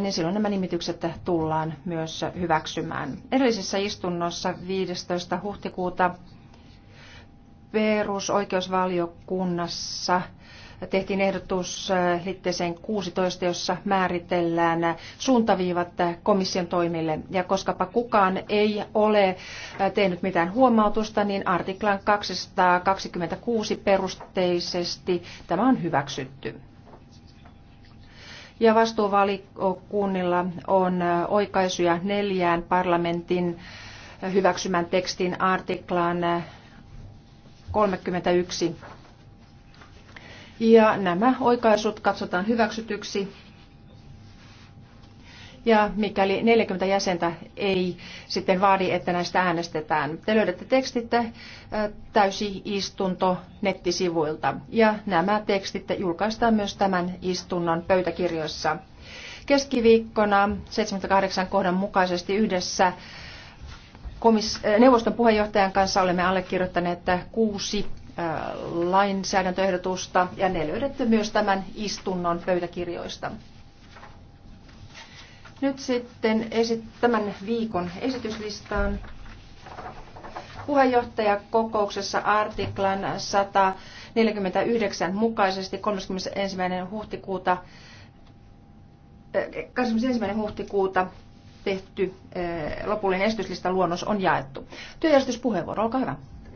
niin silloin nämä nimitykset tullaan myös hyväksymään. Edellisessä istunnossa 15. huhtikuuta perusoikeusvaliokunnassa tehtiin ehdotus liitteeseen 16, jossa määritellään suuntaviivat komission toimille. Ja koska kukaan ei ole tehnyt mitään huomautusta, niin artiklan 226 perusteisesti tämä on hyväksytty ja vastuuvaliokunnilla on oikaisuja neljään parlamentin hyväksymän tekstin artiklaan 31. Ja nämä oikaisut katsotaan hyväksytyksi ja mikäli 40 jäsentä ei sitten vaadi, että näistä äänestetään. Te löydätte tekstit äh, istunto nettisivuilta ja nämä tekstit julkaistaan myös tämän istunnon pöytäkirjoissa. Keskiviikkona 78 kohdan mukaisesti yhdessä äh, neuvoston puheenjohtajan kanssa olemme allekirjoittaneet kuusi äh, lainsäädäntöehdotusta ja ne löydätte myös tämän istunnon pöytäkirjoista. Nyt sitten esit- tämän viikon esityslistaan puheenjohtajakokouksessa artiklan 149 mukaisesti 31. huhtikuuta 21. Eh, huhtikuuta tehty eh, lopullinen esityslistan luonnos on jaettu. Työjärjestyspuheenvuoro, olkaa hyvä.